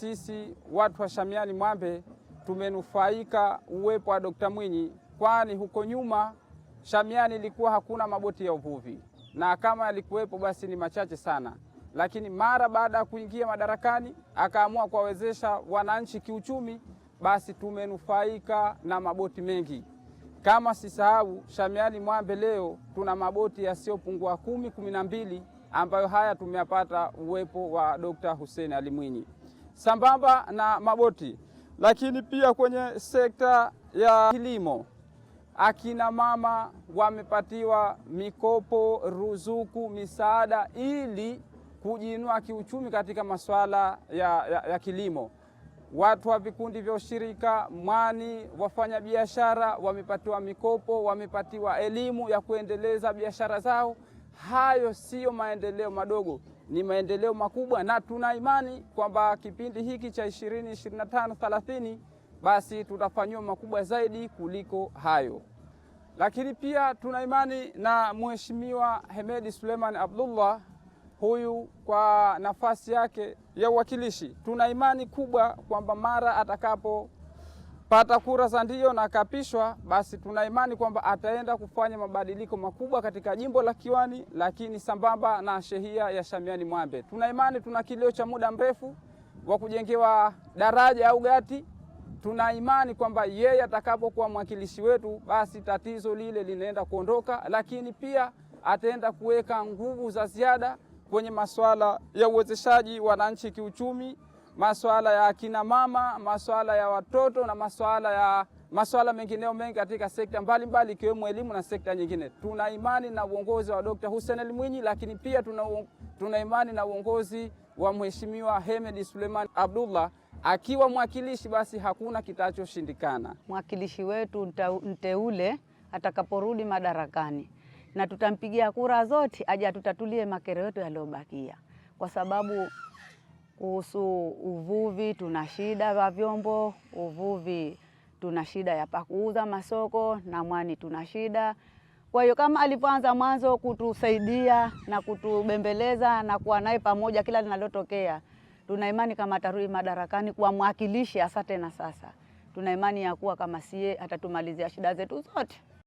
Sisi watu wa Shamiani Mwambe tumenufaika uwepo wa Dokta Mwinyi, kwani huko nyuma Shamiani ilikuwa hakuna maboti ya uvuvi, na kama yalikuwepo basi ni machache sana. Lakini mara baada ya kuingia madarakani akaamua kuwawezesha wananchi kiuchumi, basi tumenufaika na maboti mengi. Kama sisahau, Shamiani Mwambe leo tuna maboti yasiyopungua kumi, kumi na mbili ambayo haya tumeyapata uwepo wa Dokta Hussein Ali Mwinyi sambamba na maboti, lakini pia kwenye sekta ya kilimo akina mama wamepatiwa mikopo, ruzuku, misaada ili kujiinua kiuchumi katika masuala ya, ya, ya kilimo. Watu wa vikundi vya ushirika mwani, wafanyabiashara wamepatiwa mikopo, wamepatiwa elimu ya kuendeleza biashara zao. Hayo siyo maendeleo madogo, ni maendeleo makubwa, na tuna imani kwamba kipindi hiki cha 20 25 30 basi tutafanyiwa makubwa zaidi kuliko hayo. Lakini pia tuna imani na Mheshimiwa Hemedi Suleiman Abdullah huyu kwa nafasi yake ya uwakilishi, tuna imani kubwa kwamba mara atakapo pata kura za ndio na akapishwa, basi tuna imani kwamba ataenda kufanya mabadiliko makubwa katika jimbo la Kiwani, lakini sambamba na shehia ya Shamiani Mwambe. Tuna imani, tuna kilio cha muda mrefu wa kujengewa daraja au gati. Tuna imani kwamba yeye atakapokuwa mwakilishi wetu, basi tatizo lile linaenda kuondoka, lakini pia ataenda kuweka nguvu za ziada kwenye masuala ya uwezeshaji wananchi kiuchumi masuala ya akina mama, masuala ya watoto na masuala ya masuala mengineo mengi katika sekta mbalimbali ikiwemo mbali, elimu na sekta nyingine. Tuna imani na uongozi wa Dr. Hussein Ali Mwinyi, lakini pia tuna, tuna imani na uongozi wa Mheshimiwa Hemed Suleiman Abdullah akiwa mwakilishi, basi hakuna kitachoshindikana. Mwakilishi wetu mteule atakaporudi madarakani, na tutampigia kura zote aje atutatulie makero yetu yaliyobakia, kwa sababu kuhusu uvuvi, tuna shida ya vyombo uvuvi, tuna shida ya pakuuza masoko na mwani, tuna shida. Kwa hiyo kama alivyoanza mwanzo kutusaidia na kutubembeleza na kuwa naye pamoja kila linalotokea, tuna imani kama atarudi madarakani kuwa mwakilishi hasa tena. Sasa tuna imani ya kuwa kama sie atatumalizia shida zetu zote.